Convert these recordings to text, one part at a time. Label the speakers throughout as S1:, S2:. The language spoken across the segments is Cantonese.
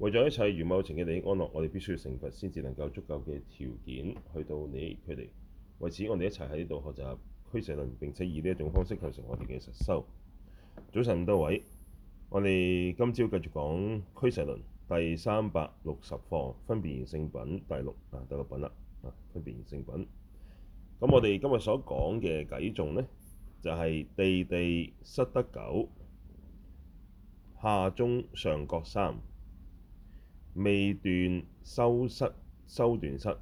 S1: 為咗一切如母情嘅利益安樂，我哋必須要成佛，先至能夠有足夠嘅條件去到你佢哋。為此，我哋一齊喺呢度學習《俱舍論》，並且以呢一種方式構成我哋嘅實修。早晨，各位，我哋今朝繼續講《俱舍論》第三百六十課《分別賢聖品》第六啊，第六品啦啊，《分別賢聖品》。咁我哋今日所講嘅偈頌呢，就係、是、地地失德九，下中上各三。未斷修失，修斷失，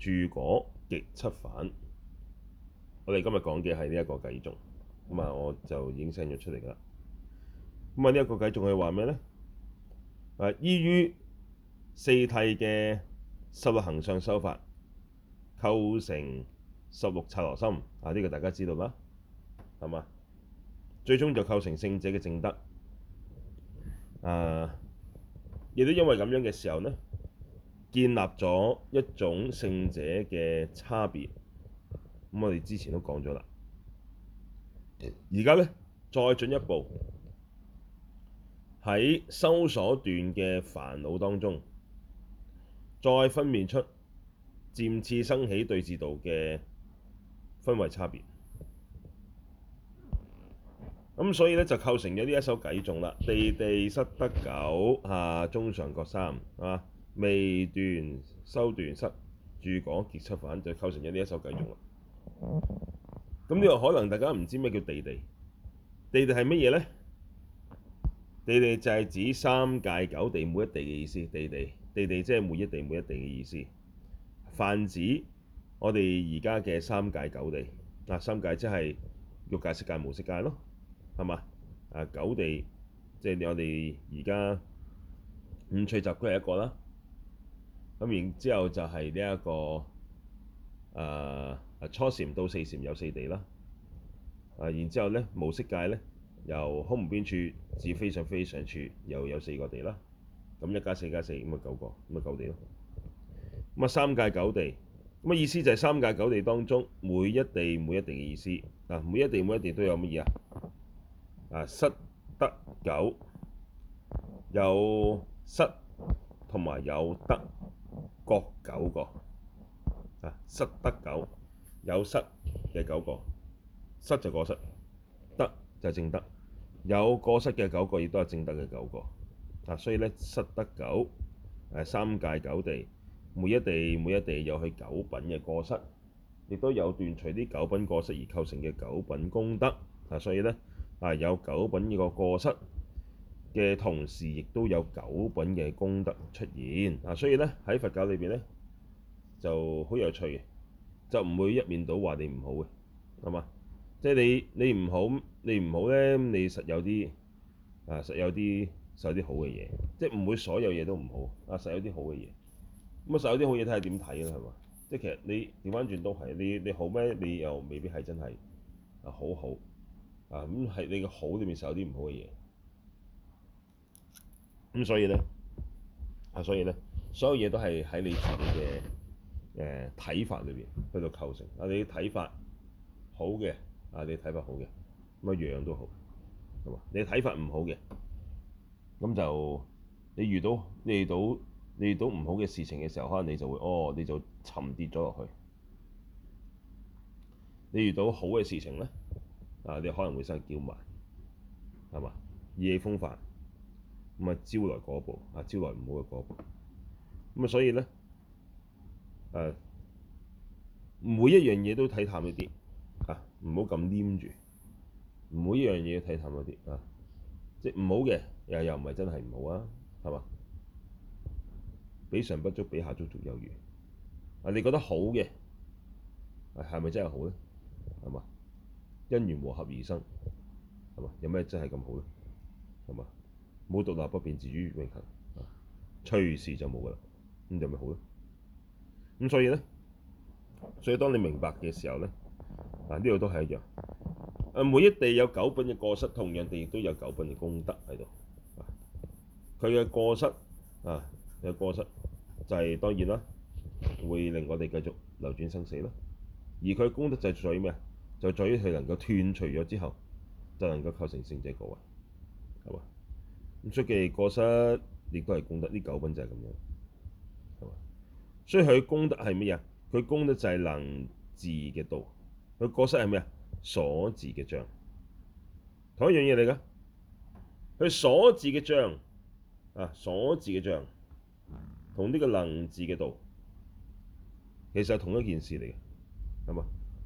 S1: 住果極七返。我哋今日講嘅係呢一個偈頌，咁啊，我就影相咗出嚟噶啦。咁啊，呢一個偈頌係話咩咧？啊，依於四諦嘅十六行相修法構成十六察羅心，啊，呢、呢個大家知道啦，係嘛？最終就構成聖者嘅證德。啊！亦都因為咁樣嘅時候呢，建立咗一種聖者嘅差別。咁我哋之前都講咗啦，而家呢，再進一步喺修所斷嘅煩惱當中，再分辨出漸次生起對治道嘅分位差別。咁、嗯、所以咧就構成咗呢一首偈頌啦。地地失德九，下中上各三，係未斷修斷失，住果極七返，就構成咗呢一首偈頌啦。咁呢個可能大家唔知咩叫地地，地地係乜嘢呢？地地就係指三界九地每一地嘅意思。地地地地，即係每一地每一地嘅意思。泛指我哋而家嘅三界九地啊，三界即係欲界、色界、無色界咯。係嘛？啊，九地即係我哋而家五趣雜居地係一個啦。咁然之後就係呢一個啊、呃，初禪到四禪有四地啦。啊，然之後咧無色界咧，由空無邊處至非想非非想處又有四個地啦。咁一加四加四，咁啊九個，咁啊九地咯。咁啊三界九地，咁啊意思就係三界九地當中每一地每一地嘅意思嗱，每一地每一地都有乜嘢啊？啊！失德九，有失同埋有德，各九個啊！失德九，有失嘅九個，失就過失，德就正德，有過失嘅九個，亦都係正德嘅九個啊！所以咧，失德九係、啊、三界九地，每一地每一地有佢九品嘅過失，亦都有斷除啲九品過失而構成嘅九品功德啊！所以咧。啊，有九品呢個過失嘅同時，亦都有九品嘅功德出現。啊，所以咧，喺佛教裏邊咧，就好有趣嘅，就唔會一面倒話你唔好嘅，係嘛？即係你你唔好，你唔好咧，咁你實有啲啊實有啲實有啲好嘅嘢，即係唔會所有嘢都唔好啊，實有啲好嘅嘢。咁啊，實有啲好嘢睇下點睇啦，係嘛？即係其實你調翻轉都係，你你好咩？你又未必係真係啊好好。咁係你個好裏邊受有啲唔好嘅嘢，咁所以咧，啊所以咧，所有嘢都係喺你自己嘅誒睇法裏邊去到構成。啊，你睇法好嘅，啊你睇法好嘅，乜樣都好，係嘛？你睇法唔好嘅，咁就你遇到你遇到你遇到唔好嘅事情嘅時候，可能你就會，哦，你就沉跌咗落去。你遇到好嘅事情咧？啊！你可能會生叫埋，係嘛？夜風帆，咁啊招來嗰部，啊招來唔好嘅嗰部。咁啊所以咧，誒每一樣嘢都睇淡一啲，啊唔好咁黏住，每一樣嘢都睇淡一啲啊，啊，即係唔好嘅，又又唔係真係唔好啊，係嘛？比上不足，比下足足有餘。啊，你覺得好嘅，誒係咪真係好咧？係嘛？因緣和合而生，係咪？有咩真係咁好咧？係咪？冇獨立不變自主永恆，啊，隨時就冇噶啦，咁就咪好咯。咁所以咧，所以當你明白嘅時候咧，嗱呢度都係一樣。誒、啊，每一地有九品嘅過失，同樣地亦都有九品嘅功德喺度。佢嘅過失啊，嘅過失就係、是、當然啦，會令我哋繼續流轉生死咯、啊。而佢嘅功德就係在於咩啊？就在於佢能夠斷除咗之後，就能夠構成聖者果位。係嘛？咁所以佢過失亦都係功德，呢九品就係咁樣，係嘛？所以佢功德係咩啊？佢功德就係能治嘅道，佢過失係咩啊？所治嘅障，同一樣嘢嚟㗎。佢所治嘅障啊，所治嘅障，同呢個能治嘅道，其實係同一件事嚟嘅，係嘛？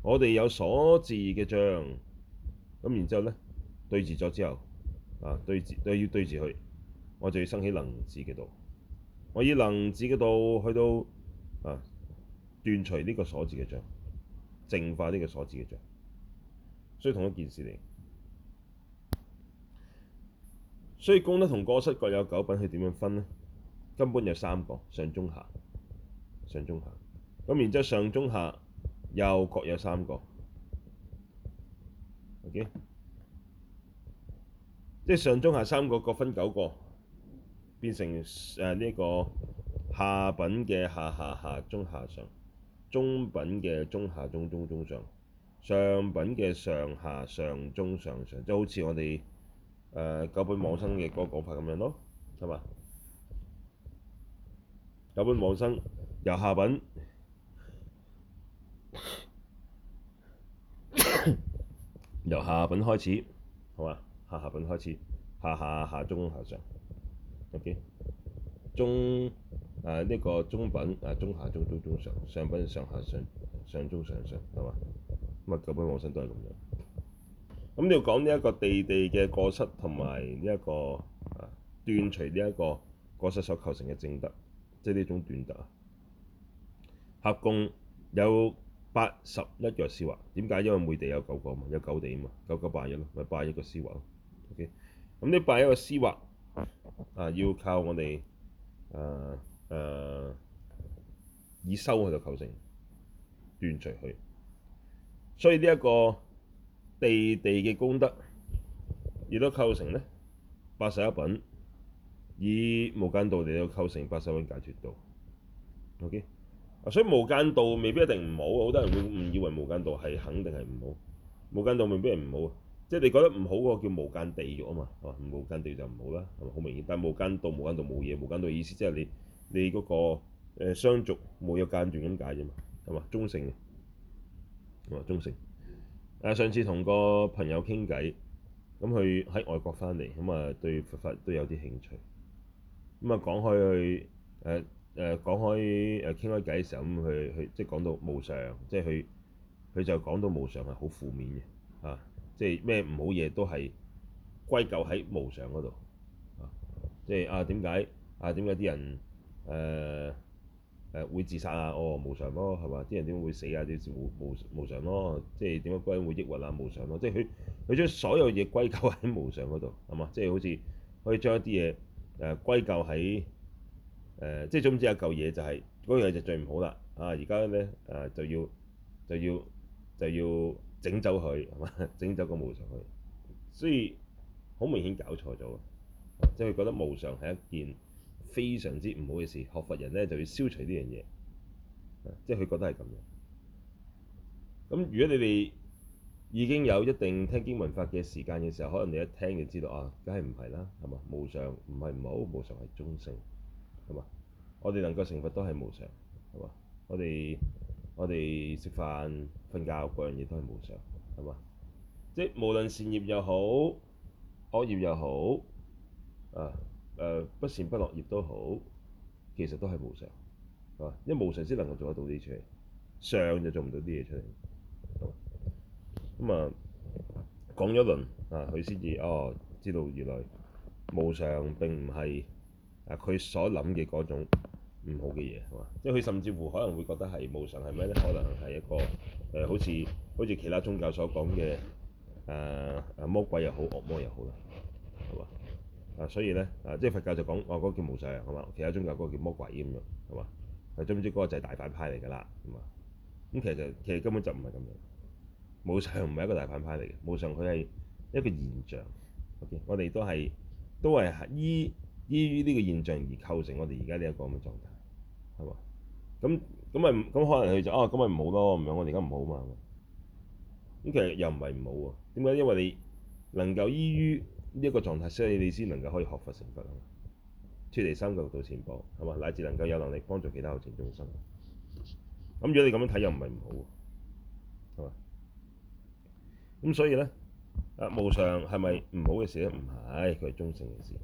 S1: 我哋有所治嘅障，咁然之後咧對治咗之後，啊對治都要對治佢，我就要生起能治嘅道，我以能治嘅道去到啊斷除呢個所治嘅障，淨化呢個所治嘅障，所以同一件事嚟。所以功德同過失各有九品，係點樣分呢？根本有三個上中下，上中下，咁然之後上中下，又各有三個，OK，即係上中下三個各分九個，變成誒呢、呃這個下品嘅下下下中下上，中品嘅中下中中中上，上品嘅上下上中上上，即係好似我哋誒、呃、九品往生嘅嗰個講法咁樣咯，係嘛？九品往生由下品。由下品開始，好嘛？下下品開始，下下、下中、下上，OK？中誒呢、呃呢個中品啊、呃，中下、中中、中上，上品上下、上上中上上，好嘛？咁啊，九品往上都係咁樣。咁、嗯、要講呢一個地地嘅過失，同埋呢一個啊斷除呢一個過失所構成嘅證德，即係呢種斷德啊。合共有。八十一個思惑，點解？因為每地有九個嘛，有九地嘛，九九八一咯，咪八一個思惑咯。O K，咁呢八一個思惑啊，要靠我哋誒誒以修去到構成斷除去。所以呢一個地地嘅功德，亦都構成咧八十一品，以無間道地都構成八十一品解脱道。O K。所以無間道未必一定唔好，好多人會誤以為無間道係肯定係唔好。無間道未必係唔好，即係你覺得唔好嗰個叫無間地獄啊嘛，嚇無間地獄就唔好啦，係嘛好明顯？但係無間道，無間道冇嘢，無間道意思即係你你嗰、那個誒、呃、相續冇有間斷咁解啫嘛，係嘛中性嘅，係嘛中性。誒、哦呃、上次同個朋友傾偈，咁佢喺外國翻嚟，咁、呃、啊對佛法都有啲興趣，咁、呃、啊講開去誒。呃誒、呃、講開誒傾開偈嘅時候，咁去，佢即係講到無常，即係佢佢就講到無常係好負面嘅嚇、啊，即係咩唔好嘢都係歸咎喺無常嗰度、啊、即係啊點解啊點解啲人誒誒、呃啊、會自殺啊？哦無常咯係嘛？啲人點會死啊？啲事無無無常咯，即係點解會抑鬱啊？無常咯，即係佢佢將所有嘢歸咎喺無常嗰度係嘛？即係、就是、好似可以將一啲嘢誒歸咎喺。呃、即係總之、就是，有嚿嘢就係嗰樣嘢就最唔好啦！啊，而家呢，誒、啊、就要就要就要整走佢，係嘛？整走個無常佢，所以好明顯搞錯咗、啊、即係佢覺得無常係一件非常之唔好嘅事，學佛人呢，就要消除呢樣嘢，即係佢覺得係咁樣。咁如果你哋已經有一定聽經聞法嘅時間嘅時候，可能你一聽就知道啊，梗係唔係啦，係嘛？無常唔係唔好，無常係中性，係嘛？我哋能夠成佛都係無常，係嘛？我哋我哋食飯、瞓覺，嗰樣嘢都係無常，係嘛？即係無論善業又好，惡業又好，啊誒、呃，不善不樂業都好，其實都係無常，係嘛？因為無常先能夠做得到啲嘢出嚟，常就做唔到啲嘢出嚟，係嘛？咁啊、嗯、講咗一輪啊，佢先至哦知道原來無常並唔係啊佢所諗嘅嗰種。唔好嘅嘢，係嘛？即係佢甚至乎可能會覺得係無常係咩咧？可能係一個誒、呃，好似好似其他宗教所講嘅誒魔鬼又好，惡魔又好啦，係嘛？啊，所以咧啊，即係佛教就講，我、哦、講、嗰個、叫無常啊，係嘛？其他宗教嗰個叫魔鬼咁樣，係嘛？你知唔知嗰個就係大反派嚟㗎啦？咁啊，咁其實其實根本就唔係咁樣，無常唔係一個大反派嚟嘅，無常佢係一個現象。O.K. 我哋都係都係依依於呢個現象而構成我哋而家呢一個咁嘅狀態。係嘛？咁咁咪咁可能佢就是就是、啊咁咪唔好咯，唔係我哋而家唔好嘛？咁其實又唔係唔好喎。點解？因為你能夠依於呢一個狀態，所以你先能夠可以學佛成佛啊嘛，脫離三界六道前步係嘛，乃至能夠有能力幫助其他學者眾生。咁如果你咁樣睇又唔係唔好喎，係嘛？咁所以咧啊，無常係咪唔好嘅事咧？唔係，佢係中性嘅事。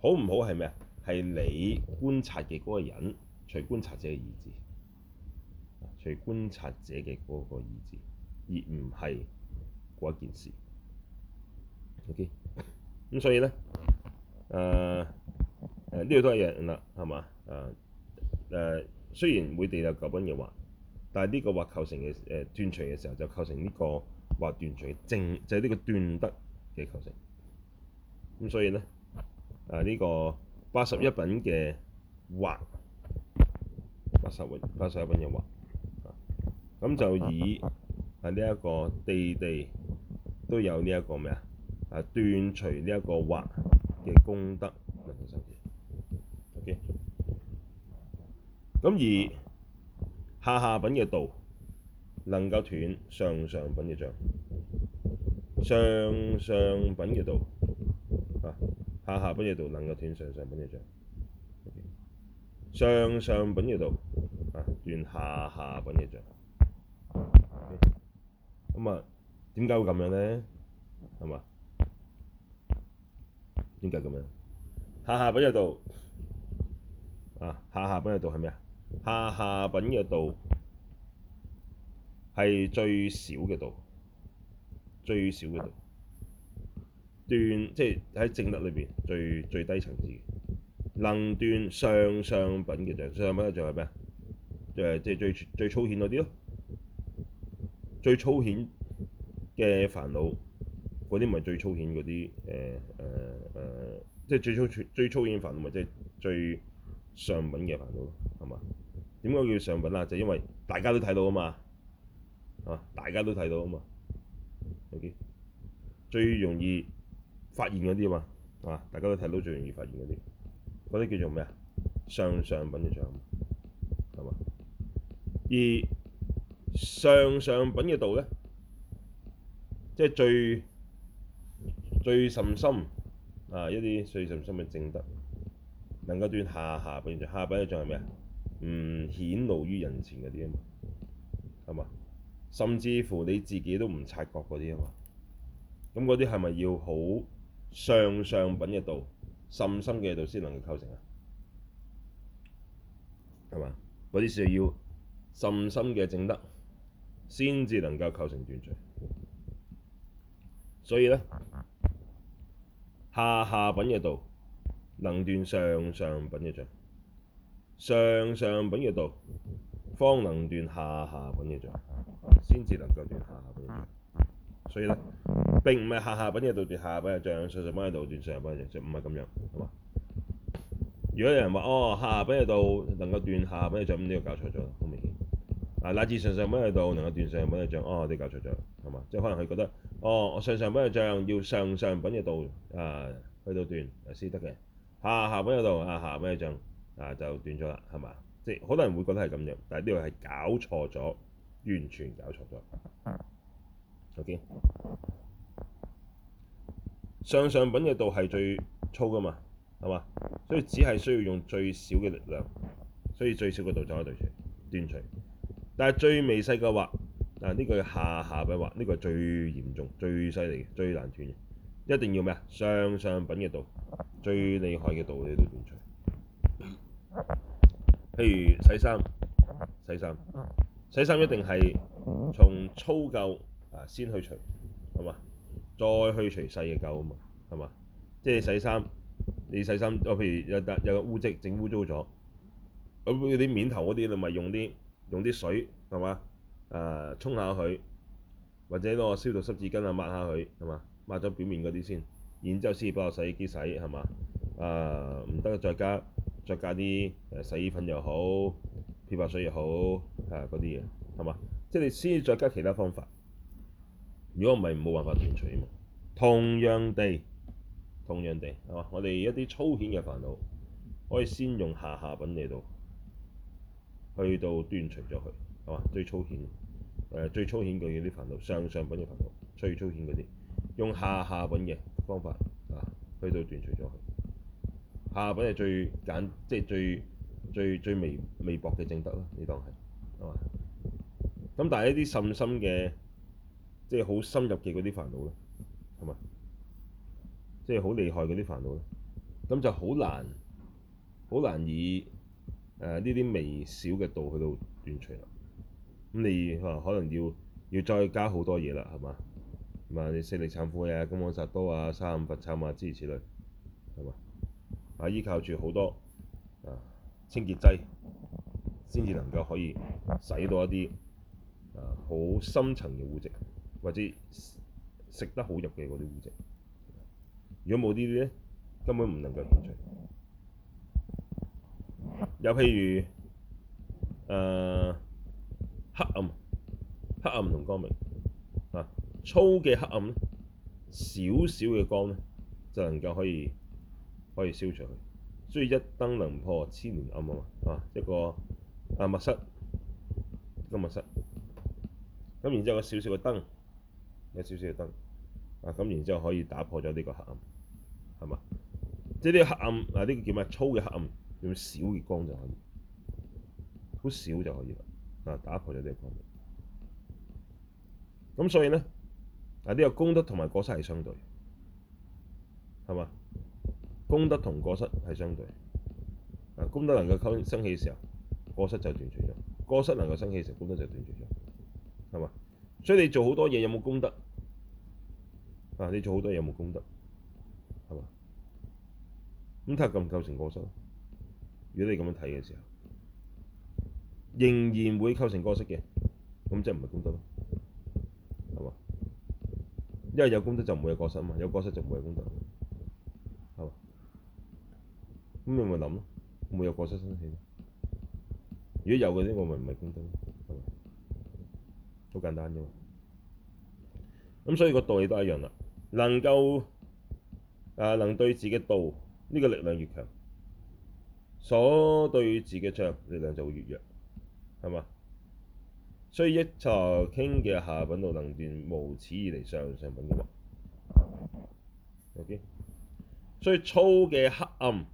S1: 好唔好係咩啊？係你觀察嘅嗰個人。隨觀察者嘅意志，啊！隨觀察者嘅嗰個意志，而唔係嗰件事。OK，咁所以咧，誒誒呢度都一樣啦，係嘛？誒、呃、誒，雖然每地有九品嘅惑，但係呢個惑構成嘅誒、呃、斷除嘅時候，就構成呢個惑斷除嘅正，就係、是、呢個斷德嘅構成。咁所以咧，誒、呃、呢、這個八十一品嘅惑。八十一品、八十一品嘅惑，咁、啊、就以啊呢一、這個地地都有呢、這、一個咩啊,啊？啊斷除呢一個惑嘅功德，咁而下下品嘅道,道,、啊、道能夠斷上上品嘅障，上上品嘅道啊，下下品嘅道能夠斷上上品嘅障。上上品嘅道，啊，斷下下品嘅障。咁啊，點解會咁樣咧？係嘛？點解咁樣？下下品嘅道，啊，下下品嘅道係咩啊？下下品嘅道係最小嘅道，最小嘅道，斷，即係喺正德裏邊最最低層次。能斷上上品嘅，上上品就係咩？誒，即係最最粗顯嗰啲咯，最粗顯嘅煩惱嗰啲，咪最粗顯嗰啲誒誒誒，即係最粗最粗顯煩惱咪即係最上品嘅煩惱係嘛？點解叫上品啊？就因為大家都睇到啊嘛，啊，大家都睇到啊嘛，嗰啲最容易發現嗰啲啊嘛，啊，大家都睇到最容易發現嗰啲。嗰啲叫做咩啊？上上品嘅障，係嘛？而上上品嘅道咧，即係最最甚深，啊！一啲最甚深嘅正德，能夠斷下下品，仲下，下品嘅障係咩啊？唔顯 露於人前嗰啲啊嘛，係嘛？甚至乎你自己都唔察覺嗰啲啊嘛，咁嗰啲係咪要好上上品嘅道？甚深嘅道先能夠構成啊，係嘛？嗰啲事要甚深嘅正德，先至能夠構成斷罪，嗯。所以咧，下下品嘅道能斷上上品嘅罪，上上品嘅道方能斷下下品嘅罪，先、啊、至能夠斷下下品嘅罪。所以咧並唔係下下品嘅道斷下下品嘅障，上上品嘅道斷上上品嘅障，唔係咁樣，係嘛？如果有人話哦下下品嘅道能夠斷下下品嘅障，呢個搞錯咗啦，好明顯。啊乃至上上品嘅道能夠斷上上品嘅障，哦，你搞錯咗，係嘛？即係可能佢覺得哦我上上品嘅障要上上品嘅道啊去到斷係先得嘅，下下品嘅道啊下下品嘅障啊就斷咗啦，係嘛？即係好多人會覺得係咁樣，但係呢個係搞錯咗，完全搞錯咗。左邊、okay. 上上品嘅道係最粗㗎嘛，係咪？所以只係需要用最少嘅力量，所以最少嘅道就可以對治斷除。但係最微細嘅、啊這個、惑，啊、這、呢個下下品嘅惑，呢個最嚴重、最犀利、嘅、最難斷嘅，一定要咩啊？上上品嘅道，最厲害嘅道嚟到斷除。譬如洗衫，洗衫，洗衫一定係從粗垢。啊！先去除係嘛，再去除細嘅垢啊嘛，係嘛，即係洗衫，你洗衫，我譬如有有個污跡整污糟咗，咁啲面頭嗰啲，你咪用啲用啲水係嘛，誒、呃、沖下佢，或者攞個消毒濕紙巾啊抹下佢係嘛，抹咗表面嗰啲先，然之後先至幫我洗衣機洗係嘛，啊，唔得再加再加啲誒洗衣粉又好漂白水又好啊嗰啲嘢係嘛，即係你先至再加其他方法。如果唔係冇辦法斷除啊嘛，同樣地，同樣地，係嘛？我哋一啲粗顯嘅煩惱，可以先用下下品嚟到，去到斷除咗佢，係嘛？最粗顯，誒、呃、最粗顯嗰啲煩惱，上上品嘅煩惱，最粗顯嗰啲，用下下品嘅方法啊，去到斷除咗佢。下下品係最簡，即係最最最，最微微薄嘅證德啦，你當係，係嘛？咁但係一啲甚深嘅。即係好深入嘅嗰啲煩惱咧，係嘛？即係好厲害嗰啲煩惱咧，咁就好難，好難以誒呢啲微小嘅道去到斷除啦。咁你話、呃、可能要要再加好多嘢啦，係嘛？咁啊，你四力懺悔啊、金剛薩埵啊、三五佛懺啊諸如此類，係嘛？啊，依靠住好多啊、呃、清潔劑，先至能夠可以洗到一啲啊好深層嘅污漬。或者食得好入嘅嗰啲污跡，如果冇呢啲咧，根本唔能夠清除。又譬如誒、呃、黑暗、黑暗同光明啊，粗嘅黑暗咧，少少嘅光咧，就能夠可以可以消除佢。所以一燈能破千年暗啊嘛！啊，一個啊密室，一個密室，咁然之後個少少嘅燈。有少少嘅燈啊，咁然之後可以打破咗呢個黑暗，係嘛？即呢啲黑暗啊，呢、呢個叫咩？粗嘅黑暗用少嘅光的就可以，好少就可以啦。啊，打破咗呢個光暗。咁所以咧，啊、這、呢個功德同埋過失係相對，係嘛？功德同過失係相對。啊，功德能夠生起嘅時候，過失就斷絕咗；過失能夠生起嘅時候，功德就斷絕咗，係嘛？所以你做好多嘢有冇功德？啊！你做好多嘢有冇功德，係嘛？咁睇下夠唔夠成過失？如果你咁樣睇嘅時候，仍然會構成過失嘅，咁即係唔係功德咯？係嘛？因為有功德就唔會有過失啊嘛！有過失就唔會有功德咯，係嘛？咁你咪諗咯，冇有過失先算。如果有嘅呢，我咪唔係功德咯，係咪？好簡單嘅嘛。咁所以個道理都一樣啦。能夠啊，能對治嘅道呢個力量越強，所對治嘅障力量就會越弱，係嘛？所以一剎那頃嘅下下品道能斷無始以嚟上上品嘅惑，OK。所以粗嘅黑暗，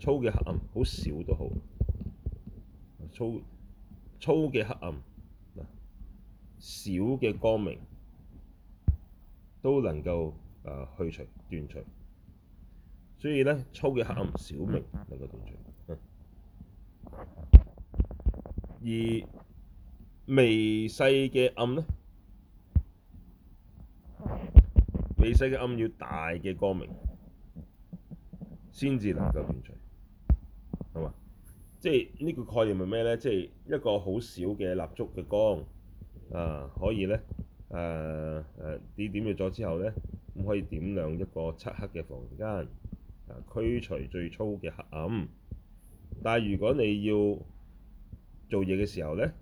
S1: 粗嘅黑暗，好少都好，粗粗嘅黑暗，嗱，小嘅光明。都能夠誒去除斷除，所以咧粗嘅黑暗小明能夠斷除，而微細嘅暗咧，微細嘅暗要大嘅光明先至能夠斷除，好啊！即係呢個概念係咩咧？即係一個好小嘅蠟燭嘅光啊，可以咧。誒誒你點咗之後咧，咁可以點亮一個漆黑嘅房間，啊，驅除最粗嘅黑暗。但係如果你要做嘢嘅時候咧，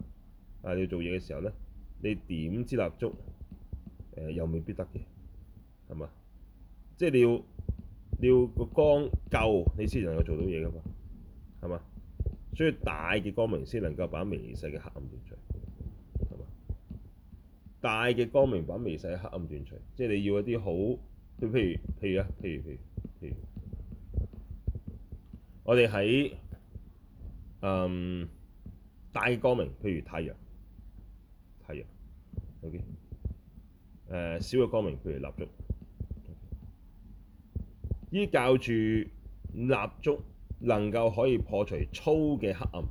S1: 啊，你要做嘢嘅時候咧，你點支蠟燭，誒、呃、又未必得嘅，係嘛？即係你要你要個光夠，你先能夠做到嘢㗎嘛？係嘛？所以大嘅光明先能夠把微細嘅黑暗出嚟。大嘅光明版微細黑暗斷除，即係你要一啲好，即係譬如譬如啊，譬如譬如，譬如，譬如，譬如，我哋喺誒大光明，譬如太陽，太陽，OK，誒、呃、小嘅光明，譬如蠟燭，okay, 依教住蠟燭能夠可以破除粗嘅黑暗，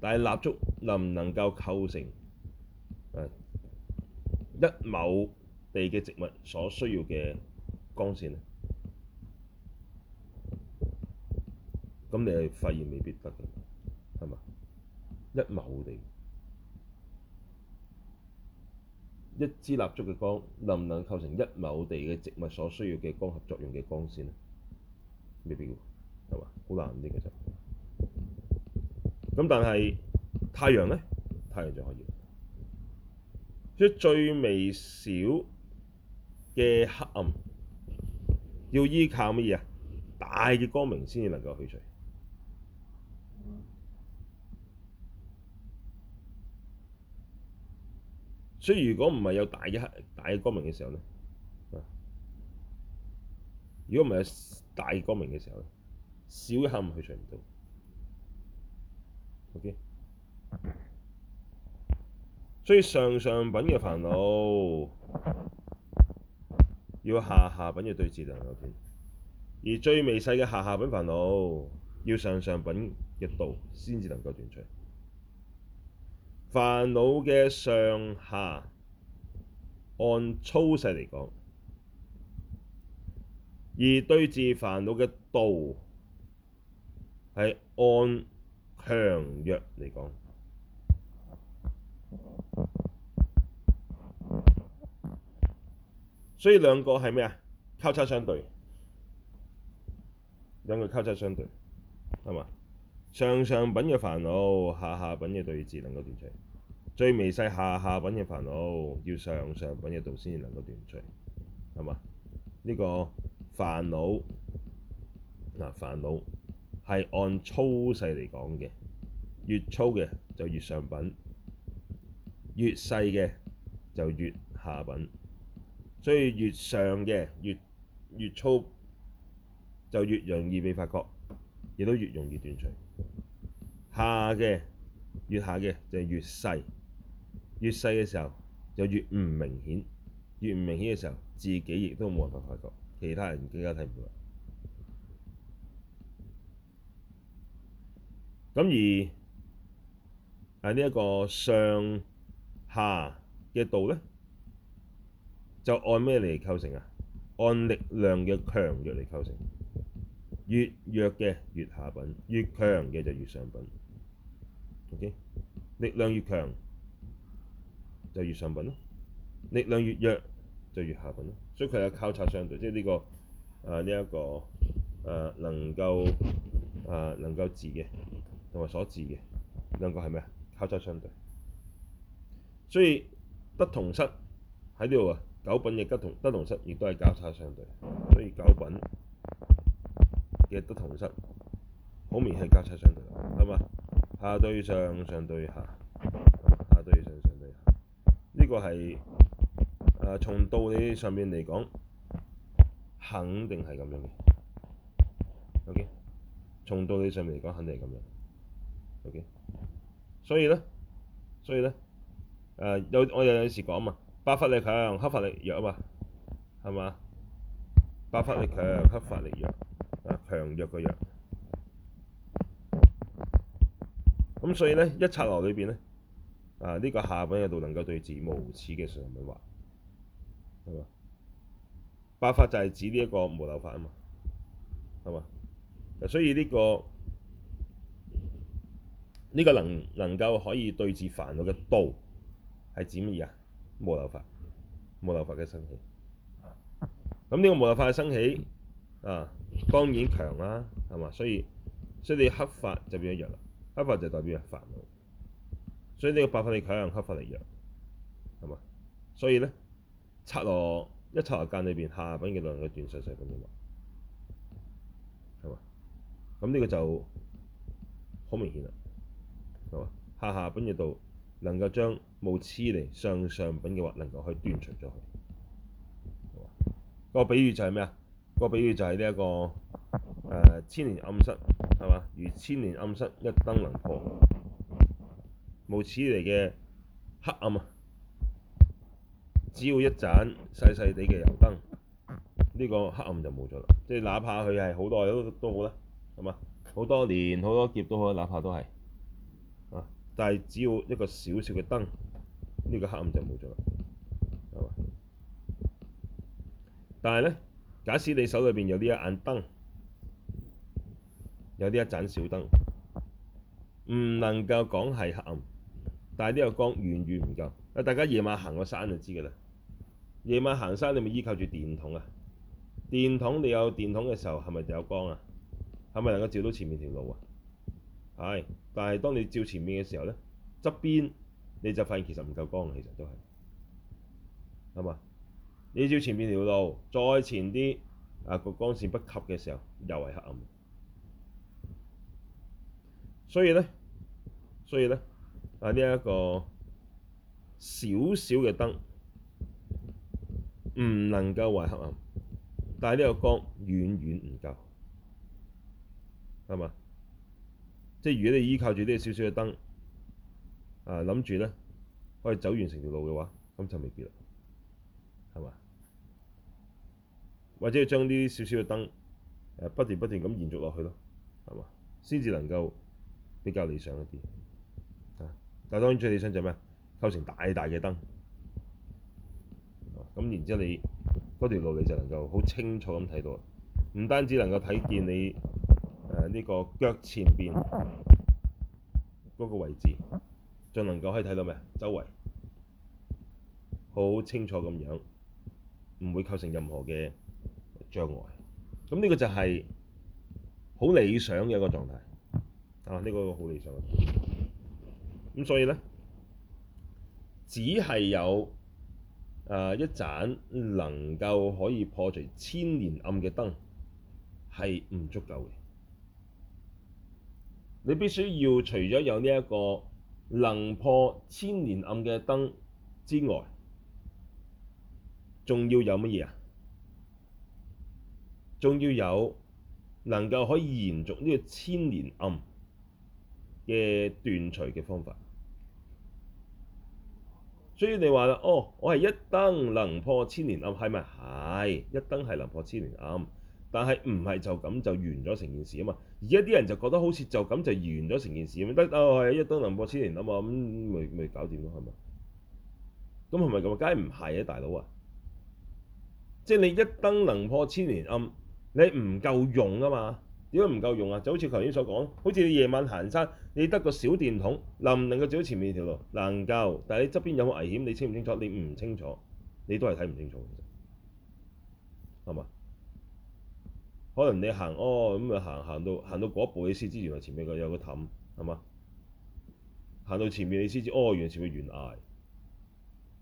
S1: 但係蠟燭能唔能夠構成誒？嗯一畝地嘅植物所需要嘅光綫呢，咁你係發現未必得嘅，係嘛？一畝地一支蠟燭嘅光，能唔能構成一畝地嘅植物所需要嘅光合作用嘅光綫呢？未必係嘛，好難啲嘅就咁。但係太陽呢，太陽就可以。所以最微小嘅黑暗要依靠乜嘢啊？大嘅光明先至能夠去除。所以如果唔係有大嘅黑大嘅光明嘅時候咧，如果唔係有大光明嘅時候咧，小嘅黑暗去除唔到。OK。所上上品嘅煩惱，要下下品嘅對治嚟解決；而最微細嘅下下品煩惱，要上上品嘅道先至能夠斷除。煩惱嘅上下按粗細嚟講，而對治煩惱嘅道係按強弱嚟講。所以兩個係咩啊？交叉相對，兩個交叉相對，係嘛？上上品嘅煩惱，下下品嘅對治能夠斷除；最微細下下品嘅煩惱，要上上品嘅道先至能夠斷除，係嘛？呢個煩惱，嗱煩惱係按粗細嚟講嘅，越粗嘅就越上品，越細嘅就越下品。所以越上嘅越越粗，就越容易被發覺，亦都越容易斷除。下嘅越下嘅就係越細，越細嘅時候就越唔明顯，越唔明顯嘅時候自己亦都冇辦法發覺，其他人更加睇唔到。咁而喺呢一個上下嘅度咧。就按咩嚟構成啊？按力量嘅強弱嚟構成，越弱嘅越下品，越強嘅就越上品。O.K. 力量越強就越上品咯，力量越弱就越下品咯。所以佢係交叉相對，即係呢、這個誒呢一個誒、呃、能夠誒、呃、能夠治嘅同埋所治嘅兩個係咩啊？交叉相對，所以德同失，喺呢度啊！九品嘅吉同得同失亦都係交叉相對，所以九品嘅得同失，好明顯係交叉相對。咁啊，下對上，上對下，下對上，上對下，呢、這個係誒、呃、從道理上面嚟講，肯定係咁樣嘅。OK，從道理上面嚟講，肯定係咁樣。OK，所以咧，所以咧，誒、呃、有我有時講啊嘛。白法力強，黑法力弱啊嘛，係嘛？白法力強，黑法力弱，啊強弱嘅弱。咁所以呢，一剎那裏邊呢，啊呢、這個下品嘅道能夠對治無始嘅上品惑，係嘛？白法就係指呢一個無漏法啊嘛，係嘛？所以呢、這個呢、這個能能夠可以對治煩惱嘅道係指乜嘢啊？無漏法，無漏法嘅生起，咁呢個無漏法嘅生起啊，當然強啦，係嘛，所以所以你黑法就變咗弱啦，黑法就代表係煩惱，所以呢個白法力強，黑法力弱，係嘛，所以咧，剎那一剎那間裏邊，下下品傑倫嘅段細細咁樣，係嘛，咁呢個就好明顯啦，係嘛，下下品傑度。能夠將無始嚟上上品嘅話，能夠以斷除去以斷除咗佢，個比喻就係咩啊？個比喻就係呢一個誒、呃、千年暗室係嘛？如千年暗室一燈能破，無始嚟嘅黑暗啊！只要一盞細細哋嘅油燈，呢、呢個黑暗就冇咗啦。即係哪怕佢係好多都，都好啦，係嘛？好多年好多劫都好，哪怕都係。但係只要一個小小嘅燈，呢個黑暗就冇咗啦，係嘛？但係咧，假使你手裏邊有呢一盞燈，有呢一盞小燈，唔能夠講係黑暗，但係呢個光遠遠唔夠。啊，大家夜晚行個山就知㗎啦。夜晚行山，你咪依靠住電筒啊？電筒你有電筒嘅時候，係咪就有光啊？係咪能夠照到前面條路啊？係，但係當你照前面嘅時候呢，側邊你就發現其實唔夠光，其實都係，係嘛？你照前面條路，再前啲啊個光線不及嘅時候，又係黑暗。所以呢，所以呢，啊呢一個小小嘅燈唔能夠為黑暗，但係呢個光遠遠唔夠，係嘛？即係如果你依靠住呢少少嘅燈，啊諗住咧，可以走完成條路嘅話，咁就未必啦，係嘛？或者要將啲少少嘅燈，啊，不斷不斷咁延續落去咯，係嘛？先至能夠比較理想一啲，啊，但係當然最理想就係咩？構成大大嘅燈，咁然之後你嗰條路你就能夠好清楚咁睇到，唔單止能夠睇見你。呢個腳前邊嗰個位置，就能夠可以睇到咩？周圍好清楚咁樣，唔會構成任何嘅障礙。咁呢個就係好理想嘅一個狀態。啊，呢個好理想啊！咁所以呢，只係有誒一盞能夠可以破除千年暗嘅燈，係唔足夠嘅。你必須要除咗有呢一個能破千年暗嘅燈之外，仲要有乜嘢啊？仲要有能夠可以延續呢個千年暗嘅斷除嘅方法。所以你話啦，哦，我係一燈能破千年暗，係咪？係一燈係能破千年暗，但係唔係就咁就完咗成件事啊嘛？而家啲人就覺得好似就咁就完咗成件事咁，得啊，係一燈能破千年暗啊，咁咪咪搞掂咯，係咪？咁係咪咁啊？梗係唔係啊，大佬啊！即係你一燈能破千年暗，你唔夠用啊嘛？點解唔夠用啊？就好似頭先所講，好似你夜晚行山，你得個小電筒，能唔能夠照到前面條路？能夠，但係你側邊有冇危險，你清唔清楚？你唔清楚，你都係睇唔清楚，其實係咪？可能你哦行哦咁啊行行到行到嗰一步，你先知原來前面個有個氹，係嘛？行到前面你先知哦，原來前面懸崖。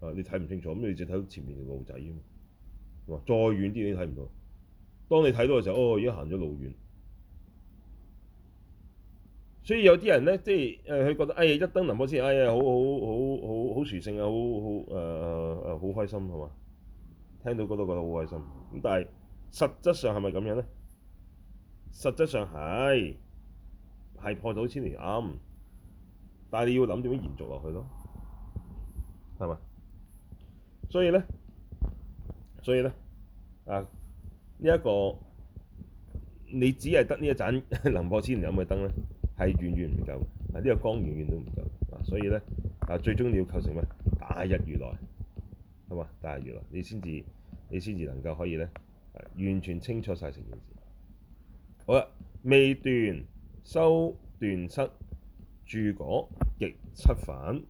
S1: 啊、欸！你睇唔清楚，咁你就睇到前面條路仔啫嘛。再遠啲你睇唔到。Anyway. 當你睇到嘅時候，哦，已經行咗路遠。所以有啲人咧，即係誒，佢覺得哎呀、欸、一登林波仙，哎呀好好好好好殊勝啊，好好誒誒好開心係嘛？聽到嗰度覺得好開心，咁但係實質上係咪咁樣咧？實質上係係破到千年暗，但係你要諗住點樣延續落去咯，係咪？所以咧，所以咧，啊呢一、這個你只係得呢一盞能破 千年暗嘅燈咧，係遠遠唔夠啊！呢、這個光遠遠都唔夠啊！所以咧啊，最終你要構成咩？大日如來，係嘛？大日如來，你先至你先至能夠可以咧，係、啊、完全清楚晒成件事。好啦，未斷修斷失，住果極七返。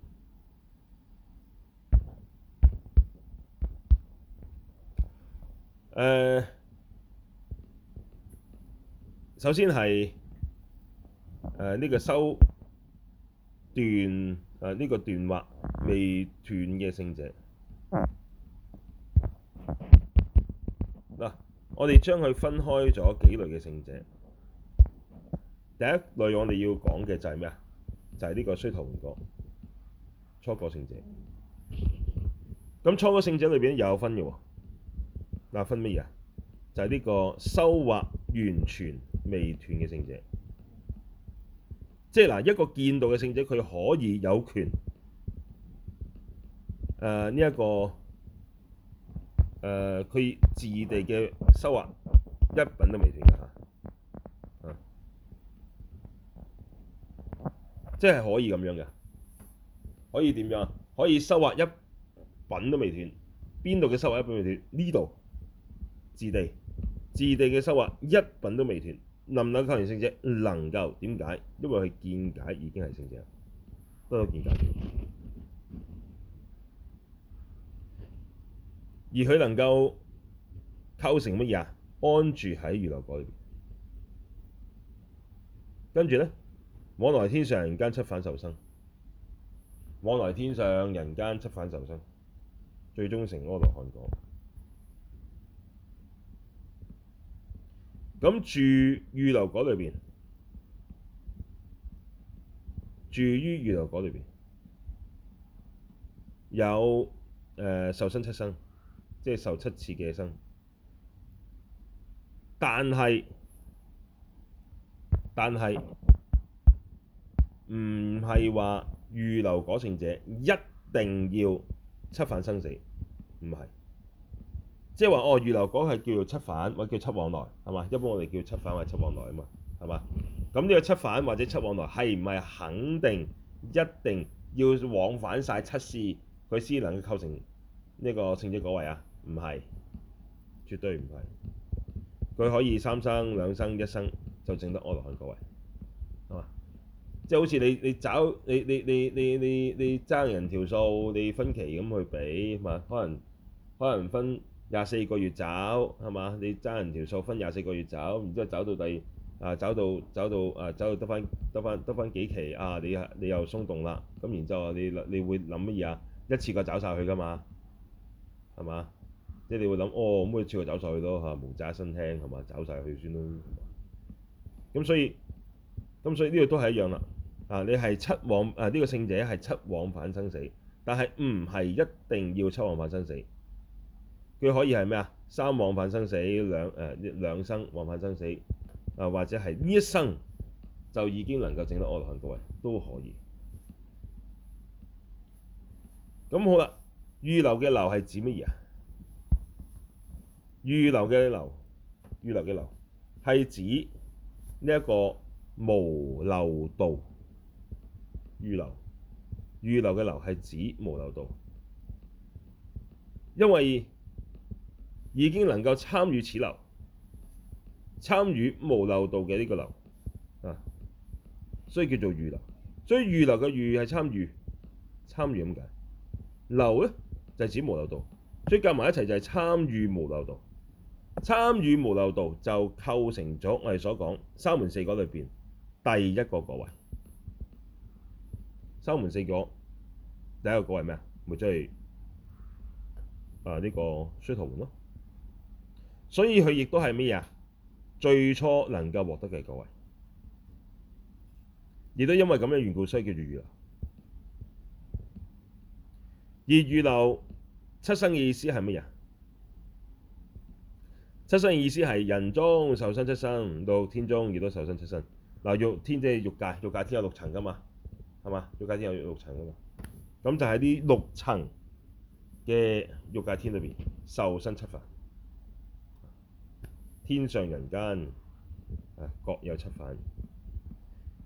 S1: 誒、呃，首先係誒呢個修斷誒呢個斷惑未斷嘅聖者。我哋將佢分開咗幾類嘅聖者。第一類我哋要講嘅就係咩啊？就係呢個須陀洹果初果聖者。咁初果聖者裏邊有分嘅喎。嗱，分乜嘢啊？就係呢個修惑完全未斷嘅聖者。即係嗱，一個見道嘅聖者，佢可以有權誒呢一個。誒佢、呃、自地嘅修惑一品都未斷嘅嚇，即係可以咁樣嘅，可以點樣？可以修惑一品都未斷，邊度嘅修惑一品未斷？呢度自地自地嘅修惑一品都未斷，能唔能夠構成聖者？能夠。點解？因為佢見解已經係聖者。多謝見解。而佢能夠構成乜嘢啊？安住喺預流果裏邊，跟住呢，往來天上人間七返受生，往來天上人間七返受生，最終成阿羅漢果。咁住預流果裏邊，住於預流果裏邊，有誒、呃、受生七生。即係受七次嘅生，但係，但係唔係話預流果聖者一定要七返生死，唔係，即係話哦預流果係叫做七返，或叫七往來，係嘛？一般我哋叫七返或者七往來啊嘛，係嘛？咁呢個七返或者七往來係唔係肯定一定要往返晒七世佢先能夠構成呢、這個聖者果位啊？唔係，絕對唔係。佢可以三生兩生一生就證得阿羅漢果位，啊嘛，即係好似你你找你你你你你爭人條數，你分期咁去俾，係嘛？可能可能分廿四個月找，係嘛？你爭人條數分廿四個月找，然之後找到第啊找到找到啊找到得翻得翻得翻幾期啊！你你又鬆動啦，咁然之後你你，你會諗乜嘢啊？一次過找晒佢㗎嘛，係嘛？即係你會諗，哦咁佢全部走曬去咯嚇，無渣身聽係嘛？走曬去先咯。咁所以，咁所以呢個都係一樣啦。啊，你係七往啊，呢個聖者係七往返生死，但係唔係一定要七往返生死，佢可以係咩啊？三往返生死，兩誒兩生往返生死啊，或者係呢一生就已經能夠整到阿羅漢果嚟都可以。咁好啦，預流嘅流係指乜嘢啊？預流嘅流，預流嘅流係指呢一個無漏道。預流，預流嘅流係指無漏道，因為已經能夠參與此流，參與無漏道嘅呢個流啊，所以叫做預流。所以預流嘅預係參與，參與噉解，流咧就係指無漏道，所以夾埋一齊就係參與無漏道。參與無漏道就構成咗我哋所講三門四果裏邊第一個果位。三門四果第一個果位係咩啊？咪即係啊呢個須陀洹咯。所以佢亦都係咩啊？最初能夠獲得嘅果位，亦都因為咁嘅緣故，所以叫做預流。而預流七生嘅意思係咩啊？七生意思係人中受身七生，到天中亦都受身七生。嗱，欲天即係欲界，欲界天有六層噶嘛，係嘛？欲界天有六六層噶嘛？咁就喺呢六層嘅欲界天裏邊受身七返，天上人間各有七返。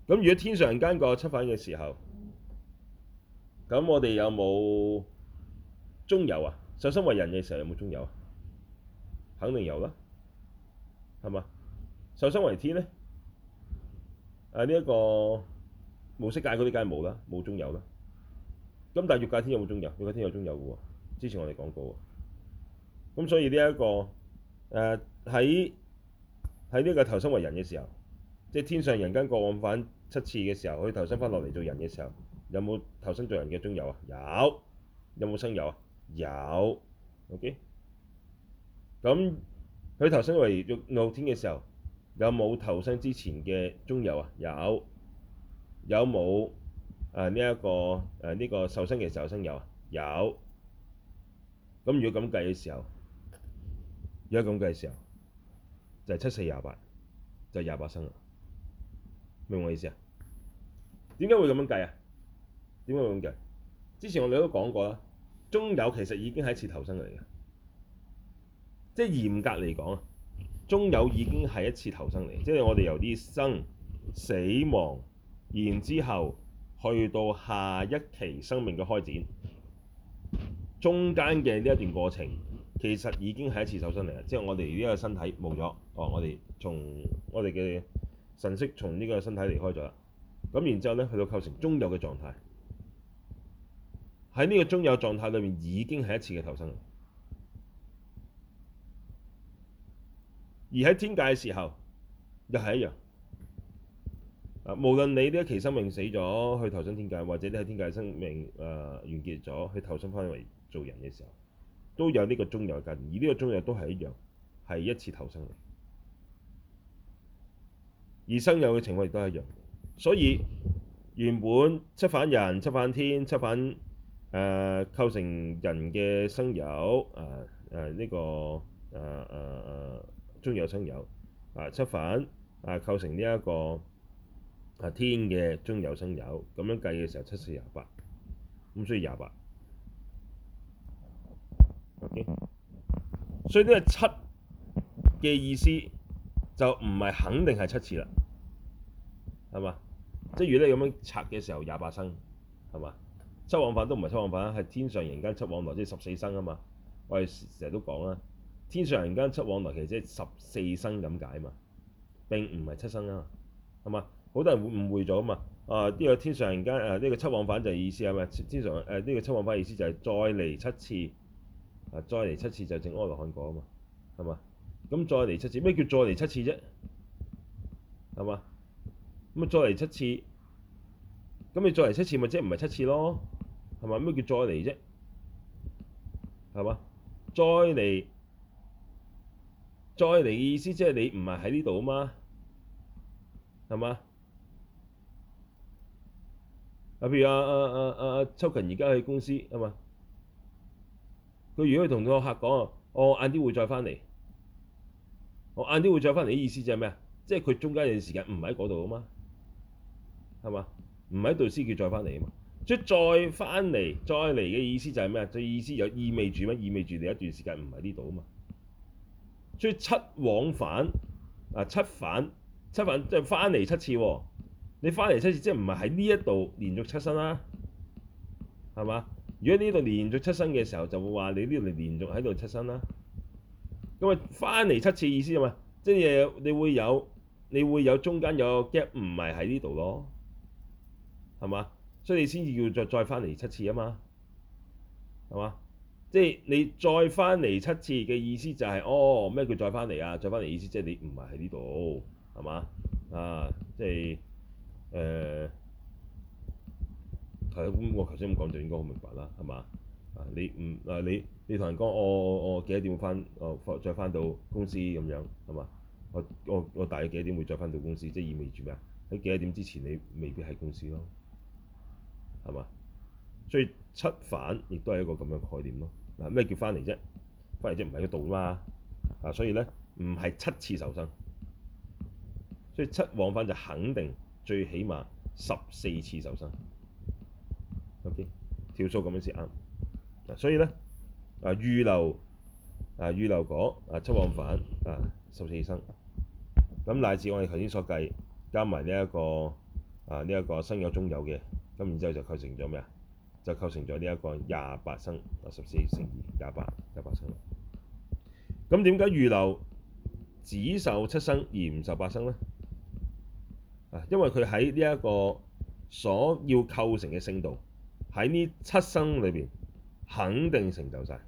S1: 咁如果天上人間各有七返嘅時候，咁我哋有冇中有啊？受身為人嘅時候有冇中有啊？肯定有啦，係嘛？受生為天咧，誒呢一個無色界嗰啲梗係冇啦，冇中有啦。咁但係欲界天有冇中有？欲界天有中有嘅喎，之前我哋講過喎。咁所以呢一個誒喺喺呢個投生為人嘅時候，即係天上人間過往返七次嘅時候，可以投生翻落嚟做人嘅時候，有冇投生做人嘅中有啊？有，有冇生有啊？有，OK。咁佢投生為六欲天嘅時候，有冇投生之前嘅中有啊？有，有冇誒呢一個誒呢、呃這個受生嘅時候生有啊？有。咁如果咁計嘅時候，如果咁計嘅時候，就係七四廿八，就廿八生啊！明唔明我意思啊？點解會咁樣計啊？點解會咁計？之前我哋都講過啦，中有其實已經係一次投生嚟嘅。即係嚴格嚟講啊，中有已經係一次投生嚟，即係我哋由啲生死亡，然之後去到下一期生命嘅開展，中間嘅呢一段過程其實已經係一次受生嚟啦。即係我哋呢個身體冇咗，哦，我哋從我哋嘅神識從呢個身體離開咗啦，咁然之後呢，去到構成中有嘅狀態，喺呢個中有狀態裏面已經係一次嘅投生。而喺天界嘅時候，又係一樣。啊，無論你呢一期生命死咗去投身天界，或者你喺天界生命誒完結咗去投身翻嚟做人嘅時候，都有呢個中有嘅階段。而呢個中有都係一樣，係一次投生嚟。而生有嘅情況亦都係一樣，所以原本七返人、七返天、七返誒構成人嘅生有啊誒呢個誒誒誒。中有生有，啊七反啊構成呢一個啊天嘅中有生有。咁樣計嘅時候七四廿八，咁所以廿八。O.K.，所以呢個七嘅意思就唔係肯定係七次啦，係嘛？即係如果你咁樣拆嘅時候廿八生，係嘛？七往返都唔係七往返啊，係天上人間七往來即係十四生啊嘛。我哋成日都講啦。天上人間七往來，其實即係十四生咁解嘛。並唔係七生啊嘛，係嘛？好多人會誤會咗啊嘛。啊，呢個天上人間啊，呢個七往返就係意思係咪？天上誒，呢個七往返意思就係再嚟七次啊，再嚟七次就證阿羅漢果啊嘛，係嘛？咁再嚟七次，咩叫再嚟七次啫？係嘛？咁啊再嚟七次，咁你再嚟七次咪即係唔係七次咯？係咪，咩叫再嚟啫？係嘛？再嚟。再嚟嘅意思即係你唔係喺呢度啊嘛，係嘛？啊，譬如啊啊啊啊秋琴而家喺公司啊嘛，佢如果佢同個客講，我晏啲會再翻嚟，我晏啲會再翻嚟，嘅意思就係咩啊？即係佢中間有段時間唔喺嗰度啊嘛，係嘛？唔喺度先叫再翻嚟啊嘛。即係再翻嚟、再嚟嘅意思就係咩啊？就意思就意味住咩？意味住你一段時間唔喺呢度啊嘛。所以七往返啊，七返七返，七返即係翻嚟七次喎，啊，你翻嚟七次即係唔係喺呢一度連續出生啦，係嘛？如果呢度連續出生嘅時候，就會話你呢度連續喺度出生啦。因為翻嚟七次意思係嘛？即係你有你會有你會有中間有個 gap 唔係喺呢度咯，係嘛？所以你先至要再再翻嚟七次啊嘛，係嘛？即係你再翻嚟七次嘅意思就係、是，哦，咩叫再翻嚟啊？再翻嚟意思即係你唔係喺呢度，係嘛？啊，即係誒，頭、呃、先我頭先咁講就應該好明白啦，係嘛？啊，你唔嗱你你同人講我我我幾多點會翻，我再翻到公司咁樣，係嘛？我我我大約幾多點會再翻到公司，即係意味住咩啊？喺幾多點之前你未必喺公司咯，係嘛？所以七返亦都係一個咁樣概念咯。嗱咩叫返嚟啫？返嚟啫唔喺嗰度嘛？啊，所以咧唔係七次受生，所以七往返就肯定最起碼十四次受生。OK，跳數咁樣先啱。嗱，所以咧啊預流啊預流果啊七往返啊十四次生。咁乃至我哋頭先所計，加埋呢一個啊呢一個生有中有嘅，咁然之後就構成咗咩啊？就構成咗呢一個廿八生啊，十四乘二廿八廿八生。咁點解預流只受七生而唔受八生呢？因為佢喺呢一個所要構成嘅聖道，喺呢七生裏邊肯定成就晒。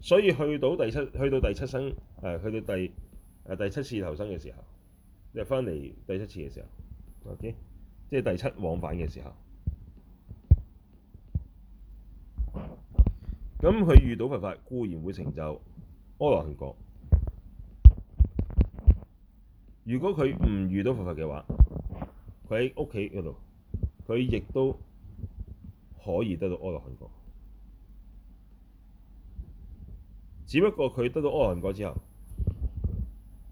S1: 所以去到第七去到第七生誒、啊，去到第誒、啊、第七次投生嘅時候入翻嚟第七次嘅時候，O.K.，即係第七往返嘅時候。咁佢遇到佛法固然會成就阿羅漢果。如果佢唔遇到佛法嘅話，佢喺屋企嗰度，佢亦都可以得到阿羅漢果。只不過佢得到阿羅漢果之後，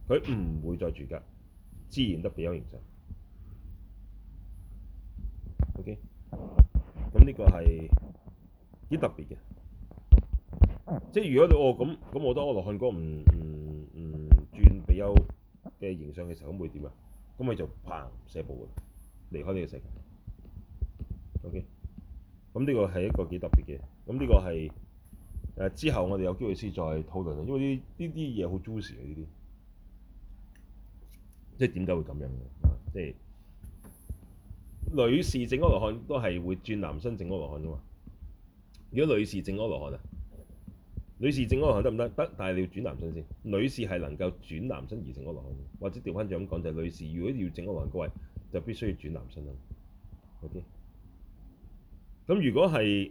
S1: 佢唔會再住噶，自然得比丘形相。OK，咁呢個係幾特別嘅。即係如果你哦咁咁，我覺得阿羅漢果唔唔唔轉比丘嘅形象嘅時候，咁會點啊？咁咪就啪卸部嘅離開呢個世界。O.K. 咁呢個係一個幾特別嘅，咁呢個係誒、呃、之後我哋有機會先再討論。因為呢呢啲嘢好 juicy 嘅呢啲，即係點解會咁樣嘅？即係女士整阿羅漢都係會轉男生整阿羅漢嘅嘛。如果女士整阿羅漢啊？女士整安行得唔得？得，但係你要轉男身先。女士係能夠轉男身而整安行，或者調翻轉咁講，就係、女士如果要整安行高位，就必須要轉男身咯。OK，咁如果係，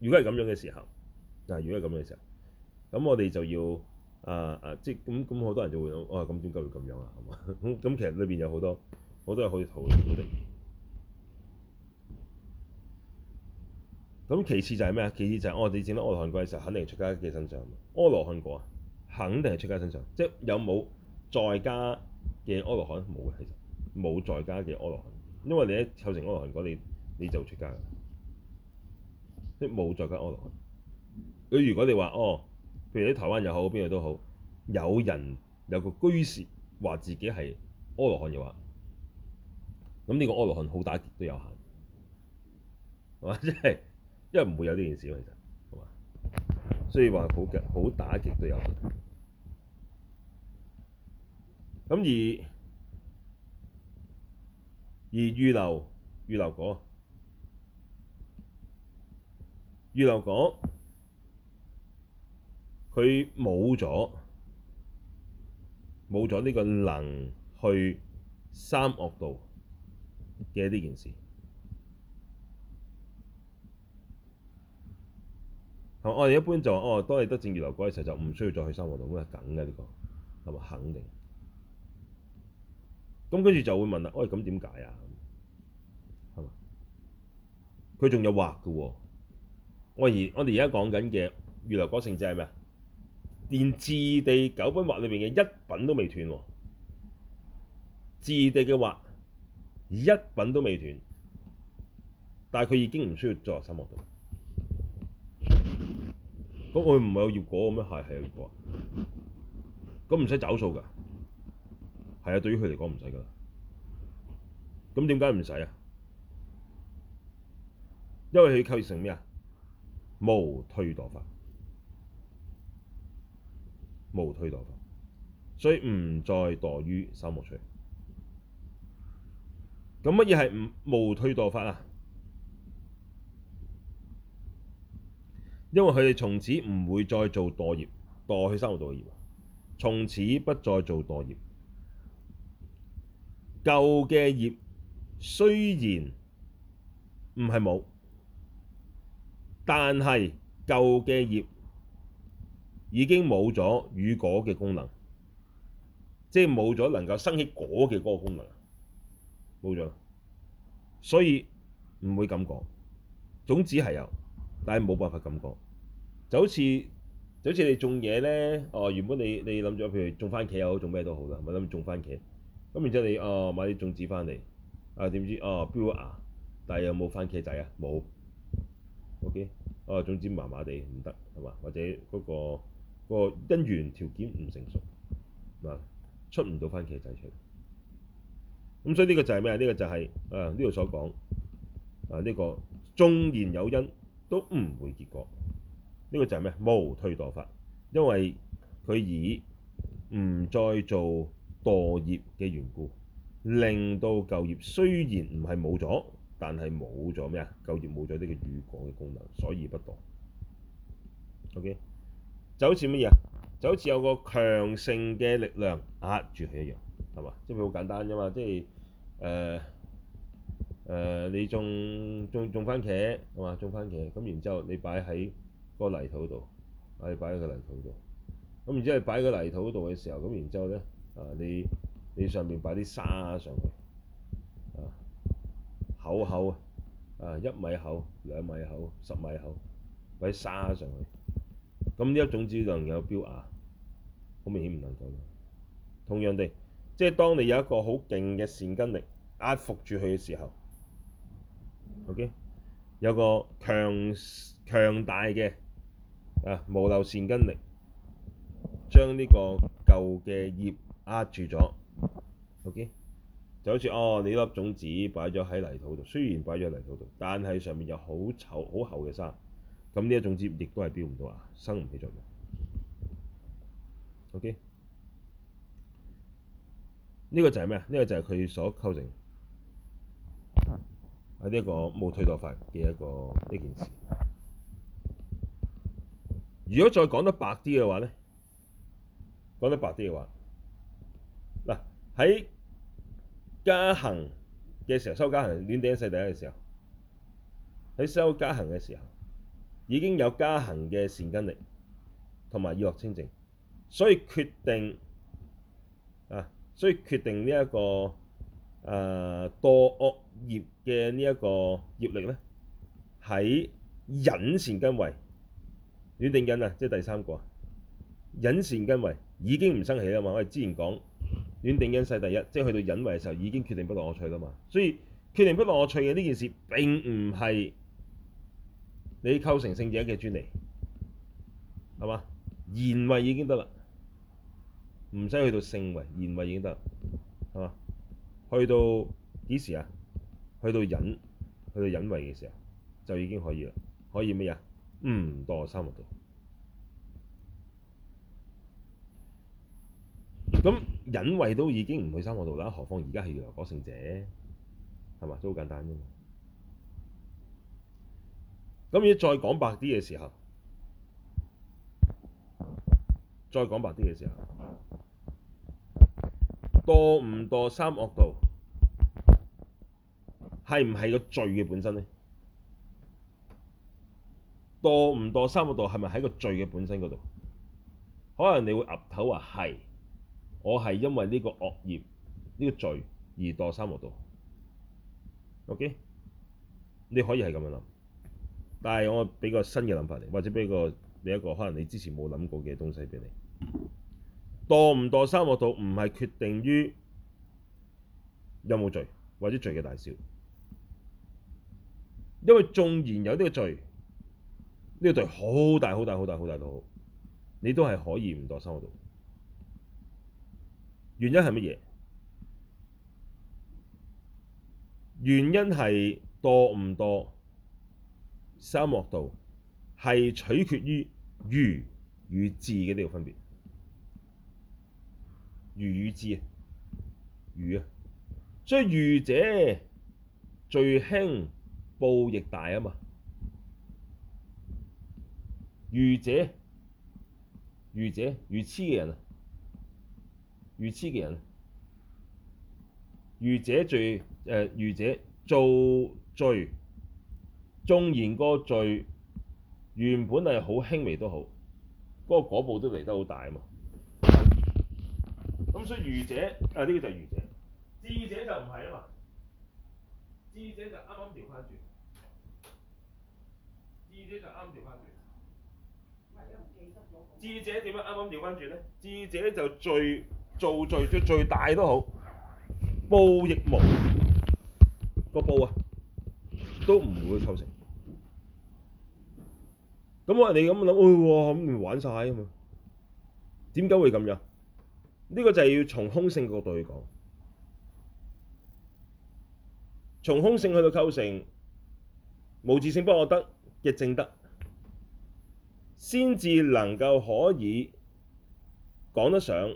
S1: 如果係咁樣嘅時候，嗱、啊，如果係咁嘅時候，咁我哋就要啊、呃、啊，即係咁咁，好多人就會講，哇，咁點解會咁樣啊？係嘛？咁其實裏邊有，多有多好多好多係可以討論到嘅。咁其次就係咩啊？其次就係我哋整到阿羅漢果嘅時候，肯定係出家嘅身上。阿羅漢果啊，肯定係出家身上，即係有冇在家嘅阿羅漢？冇嘅，其實冇在家嘅阿羅漢，因為你喺構成阿羅漢果，你你就出家㗎，即冇在家阿羅漢。你如果你話哦，譬如喺台灣又好，邊度都好，有人有個居士話自己係阿羅漢嘅話，咁呢個阿羅漢好打劫都有限，係嘛？即係。因為唔會有呢件事其實，係嘛？所以話好，好打極都有。咁而而預流預流果，預流果佢冇咗冇咗呢個能去三惡道嘅呢件事。我哋一般就哦，當你得正預流果嘅時候，就唔需要再去三惡道，咁梗嘅呢個係咪肯定？咁跟住就會問啦，喂咁點解啊？係、欸、嘛？佢仲有惑嘅喎、哦。我而我哋而家講緊嘅預流果性就係咩啊？連自地九品惑裏面嘅一品都未斷喎、哦，自地嘅惑一品都未斷，但係佢已經唔需要再入三惡道。咁佢唔係有業果嘅咩？係，係有業果啊！咁唔使找數嘅，係啊！對於佢嚟講唔使噶啦。咁點解唔使啊？因為佢構成咩啊？無退墮法，無退墮法，所以唔再墮於三惡趣。咁乜嘢係唔無退墮法啊？因為佢哋從此唔會再做墮業墮去生活墮業，從此不再做墮業。舊嘅業雖然唔係冇，但係舊嘅業已經冇咗予果嘅功能，即係冇咗能夠生起果嘅嗰個功能，冇咗。所以唔會咁講，總之係有。但係冇辦法咁講，就好似就好似你種嘢咧。哦、呃，原本你你諗咗，譬如種番茄又好，種咩都好啦。咪諗住種番茄，咁然之後你哦、呃、買啲種子翻嚟啊，點、呃、知哦標芽，但係有冇番茄仔啊？冇。OK，哦、呃，種子麻麻地唔得係嘛，或者嗰個嗰個因緣條件唔成熟係嘛，出唔到番茄仔出嚟。咁所以呢個就係咩啊？呢個就係啊呢度所講啊呢個縱然有因。都唔會結果，呢個就係咩？無退墮法，因為佢已唔再做墮業嘅緣故，令到舊業雖然唔係冇咗，但係冇咗咩啊？舊業冇咗呢個予果嘅功能，所以不墮。OK，就好似乜嘢啊？就好似有個強盛嘅力量壓住佢一樣，係嘛？即係好簡單啫嘛，即係誒。誒，你種種種番茄係嘛？種番茄咁，然之後你擺喺個泥土度，啊，你擺喺個泥土度。咁然之後你擺喺個泥土度嘅時候，咁然之後咧，啊，你你上面擺啲沙上去，啊，口口啊，一米厚、兩米厚、十米厚，擺沙上去。咁呢一種只能有標壓，好明顯唔能夠。同樣地，即係當你有一個好勁嘅善根力壓服住佢嘅時候。Okay. 有個強強大嘅啊無漏善根力，將呢個舊嘅業壓住咗。O.K. 就好似哦，你粒種子擺咗喺泥土度，雖然擺咗喺泥土度，但係上面有好稠好厚嘅沙，咁呢粒種子亦都係飆唔到啊，生唔起作用。O.K. 呢個就係咩啊？呢、這個就係佢所構成。係呢、這個、一個冇退墮法嘅一個呢件事。如果再講得白啲嘅話咧，講得白啲嘅話，嗱喺加行嘅時候收加行，煖頂忍世第一嘅時候，喺收加行嘅時候,時候已經有加行嘅善根力同埋意樂清淨，所以決定啊，所以決定呢一、這個誒、呃、多惡。業嘅呢一個業力咧，喺忍善根位煖頂忍啊，即係第三個忍善根位已經唔生起啦嘛。我哋之前講煖頂忍世第一，即係去到忍位嘅時候已經決定不落惡趣啦嘛。所以決定不落惡趣嘅呢件事並唔係你構成聖者嘅專利，係嘛，賢位已經得啦，唔使去到聖位，賢位已經得係嘛，去到幾時啊？去到忍，去到忍位嘅時候，就已經可以啦。可以咩啊？唔、嗯、墮三惡道。咁忍位都已經唔去三惡道啦，何況而家係預流果聖者，係嘛？都好簡單啫嘛。咁如果再講白啲嘅時候，再講白啲嘅時候，墮唔墮三惡道？係唔係個罪嘅本身呢？墮唔墮三惡道係咪喺個罪嘅本身嗰度？可能你會岌頭話係，我係因為呢個惡業呢、呢個罪而墮三惡道。OK，你可以係咁樣諗，但係我俾個新嘅諗法你，或者俾個你一個可能你之前冇諗過嘅東西俾你。墮唔墮三惡道唔係決定於有冇罪或者罪嘅大小。因為縱然有呢個罪，呢、這個罪好大、好大、好大、好大都好，你都係可以唔墮三惡道。原因係乜嘢？原因係墮唔墮三惡道係取決於愚與智嘅呢個分別。愚與智啊，愚啊，所以愚者最輕。報亦大啊嘛！愚者、愚者、愚痴嘅人啊，愚痴嘅人，愚者罪，誒、呃、愚者做罪，縱然個罪原本係好輕微都好，嗰個果報都嚟得好大啊嘛！咁所以愚者，啊呢、這個就係愚者。智者就唔係啊嘛，智者就啱啱調翻轉。啱啱智者點樣啱啱調翻轉呢？智者就罪，做罪最最大都好，報亦無個報啊，都唔會構成。咁我哋咁諗，哇，咁玩晒啊嘛！點解會咁樣？呢個就係要從空性角度去講，從空性去到構成無自性，不可得。嘅正德，先至能夠可以講得上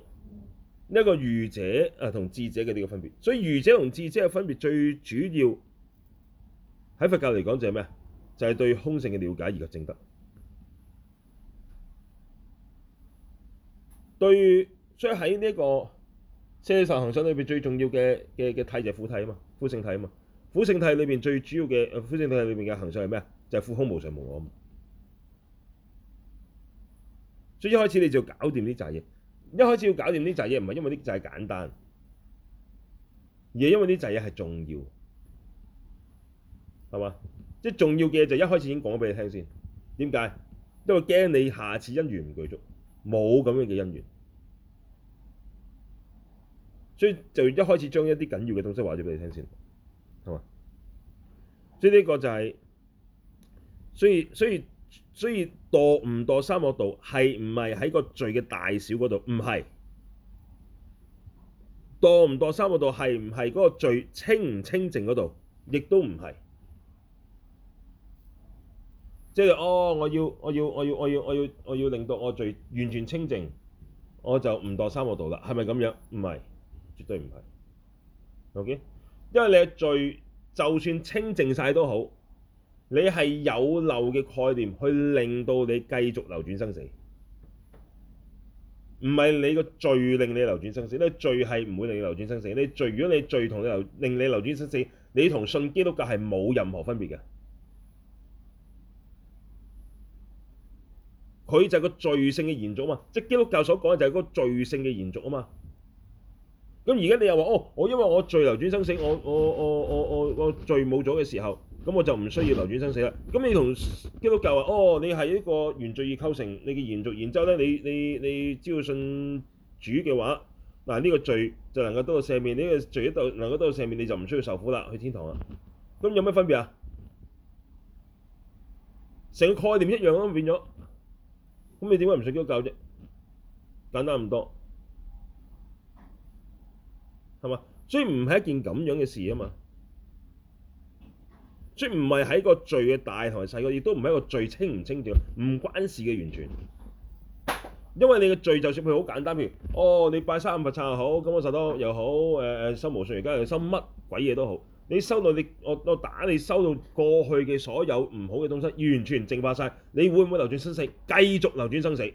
S1: 一個愚者啊同智者嘅呢個分別。所以愚者同智者嘅分別最主要喺佛教嚟講就係咩啊？就係、是、對空性嘅了解而個正德對，所以喺呢一個奢受行相裏邊最重要嘅嘅嘅體就係苦體啊嘛，苦性體啊嘛。苦性體裏邊最主要嘅苦性體裏邊嘅行相係咩啊？就苦空無常無我，所以一開始你就搞掂啲雜嘢。一開始要搞掂啲雜嘢，唔係因為啲雜係簡單，而係因為啲雜嘢係重要，係嘛？即係重要嘅就一開始已經講咗俾你聽先。點解？因為驚你下次因緣唔具足，冇咁樣嘅因緣，所以就一開始將一啲緊要嘅東西話咗俾你聽先，係嘛？所以呢個就係。所以，所以，所以墮唔墮三惡道，係唔係喺個罪嘅大小嗰度？唔係。墮唔墮三惡道，係唔係嗰個罪清唔清淨嗰度？亦都唔係，即係哦，我要，我要，我要，我要，我要，我要，我要令到我罪完全清淨，我就唔墮三惡道啦。係咪咁樣？唔係，絕對唔係。OK，因為你嘅罪就算清淨晒都好。你係有漏嘅概念，去令到你繼續流轉生死，唔係你個罪令你流轉生死。你罪係唔會令你流轉生死。你罪，如果你罪同你流令你流轉生死，你同信基督教係冇任何分別嘅。佢就係個罪性嘅延續啊嘛，即係基督教所講嘅就係個罪性嘅延續啊嘛。咁而家你又話哦，我因為我罪流轉生死，我我我我我我罪冇咗嘅時候。咁我就唔需要流轉生死啦。咁你同基督教話、啊，哦，你係一個原罪已構成，你嘅原罪，然之後咧，你你你只要信主嘅話，嗱、呢、呢個罪就能夠得到赦免，呢、呢個罪一度能夠得到赦免，你就唔需要受苦啦，去天堂啊。咁有咩分別啊？成個概念一樣噉，變咗。咁你點解唔信基督教啫？簡單唔多，係嘛？所以唔係一件咁樣嘅事啊嘛。即唔係喺個罪嘅大同埋細個，亦都唔係一個罪清唔清淨，唔關事嘅完全。因為你嘅罪，就算佢好簡單，譬如哦，你拜三五佛像又好，咁我受多又好，誒誒修無上，而家又收乜鬼嘢都好，你收到你我我打你，收到過去嘅所有唔好嘅東西，完全淨化晒。你會唔會流轉生死？繼續流轉生死，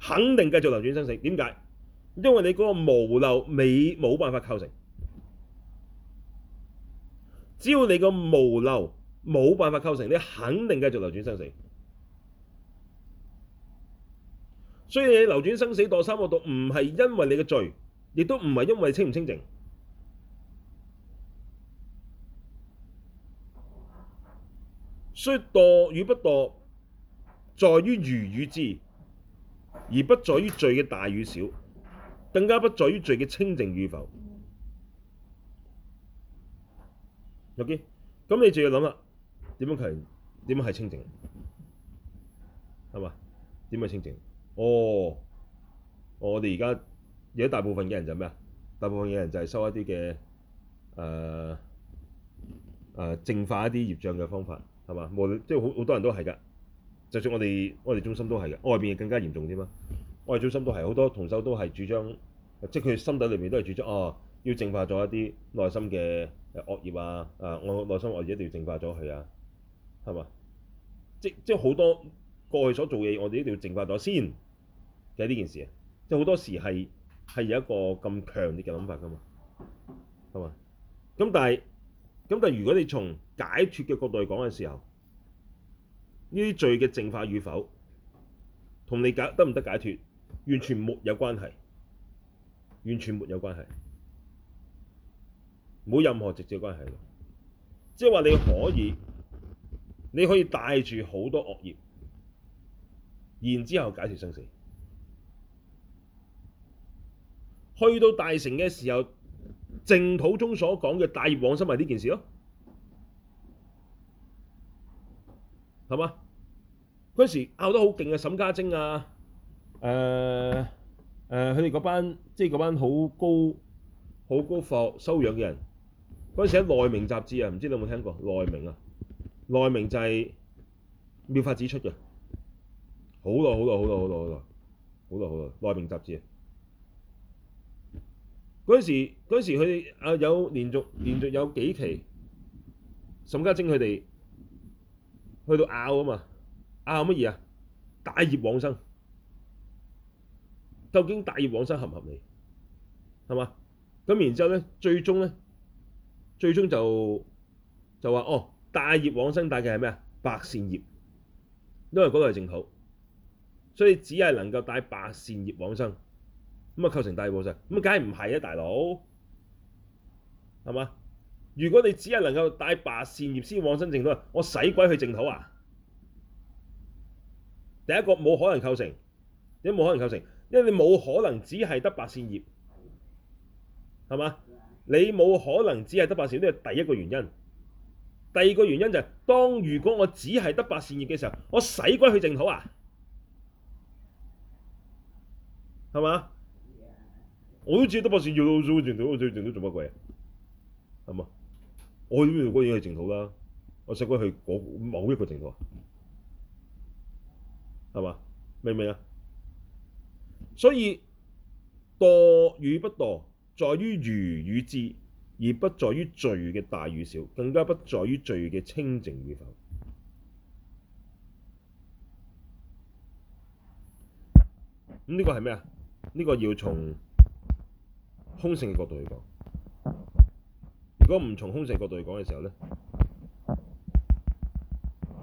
S1: 肯定繼續流轉生死。點解？因為你嗰個無漏未冇辦法構成。只要你個無漏，冇辦法構成，你肯定繼續流轉生死。所以你流轉生死墮三惡道，唔係因為你嘅罪，亦都唔係因為清唔清淨。所以墮與不墮，在於愚與智，而不在於罪嘅大與小，更加不在於罪嘅清淨與否。咁、okay. 你就要諗啦，點樣係點樣係清淨？係嘛？點樣清淨？哦，我哋而家而家大部分嘅人就係咩啊？大部分嘅人就係收一啲嘅誒誒淨化一啲業障嘅方法，係嘛？無論即係好好多人都係㗎，就算我哋我哋中心都係嘅，外邊更加嚴重啲嘛。我哋中心都係好多同修都係主張，即係佢心底裏面都係主張哦，要淨化咗一啲內心嘅。惡業啊！啊，我內心我一定要淨化咗佢啊，係嘛？即即好多過去所做嘢，我哋一定要淨化咗先嘅呢件事啊！即好多時係係有一個咁強烈嘅諗法噶嘛，係嘛？咁但係咁但係如果你從解脫嘅角度嚟講嘅時候，呢啲罪嘅淨化與否，同你解得唔得解脫，完全沒有關係，完全沒有關係。冇任何直接關係，即係話你可以，你可以帶住好多惡業，然之後解決生死，去到大成嘅時候，淨土宗所講嘅大業往生係呢件事咯，係嘛？嗰時拗得好勁嘅沈家楨啊，誒、呃、誒，佢哋嗰班即係嗰班好高好高級修養嘅人。嗰陣時喺《內明雜誌》啊，唔知你有冇聽過《內明》啊，《內明》就係妙法寺出嘅，好耐好耐好耐好耐好耐，好耐好耐《內明雜誌》。嗰陣時，嗰陣時佢哋啊有連續連續有幾期，沈家楨佢哋去到拗啊嘛，拗乜嘢啊？帶業往生，究竟帶業往生合唔合理？係嘛？咁然之後咧，最終咧。最終就就話哦，大業往生帶嘅係咩啊？白善業，因為嗰度係淨土，所以只係能夠帶白善業往生，咁啊構成大報上，咁解唔係啊，大佬係嘛？如果你只係能夠帶白善業先往生淨土，我使鬼去淨土啊！第一個冇可能構成，都冇可能構成，因為你冇可能只係得白善業，係嘛？你冇可能只係得百善呢個第一個原因。第二個原因就係當如果我只係得百善業嘅時候，我使鬼去淨土啊，係嘛？我都知得百善業做淨土，做淨土做乜鬼？係嘛？我邊條路可以去淨土啦？我使鬼去嗰某一個淨土啊？係嘛？明唔明啊？所以墮與不墮，在於愚與智，而不在於罪嘅大與小，更加不在於罪嘅清淨與否。咁、嗯、呢、這個係咩啊？呢、這個要從空性嘅角度去講。如果唔從空性角度去講嘅時候咧，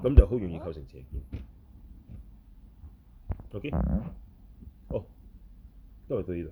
S1: 咁就好容易構成邪見。OK，哦，都係到呢度。